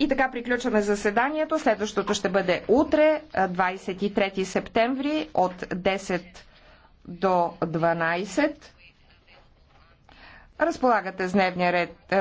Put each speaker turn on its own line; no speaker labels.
И така приключваме заседанието. Следващото ще бъде утре, 23 септември, от 10 до 12. Разполагате с дневния ред.